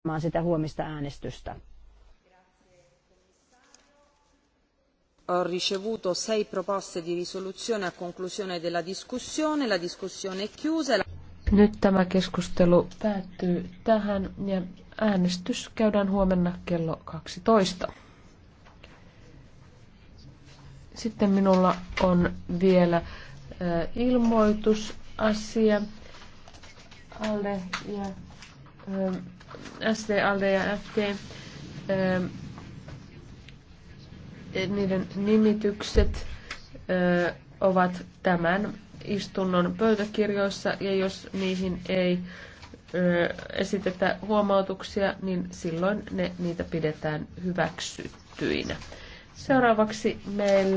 odottamaan sitä huomista äänestystä. Ho ricevuto sei proposte di risoluzione a conclusione della discussione. La discussione è chiusa. E Nyt tämä keskustelu päättyy tähän ja äänestys käydään huomenna kello 12. Sitten minulla on vielä ilmoitusasia alle ja SVLD ja FT, ähm, niiden nimitykset äh, ovat tämän istunnon pöytäkirjoissa ja jos niihin ei äh, esitetä huomautuksia, niin silloin ne, niitä pidetään hyväksyttyinä. Seuraavaksi meillä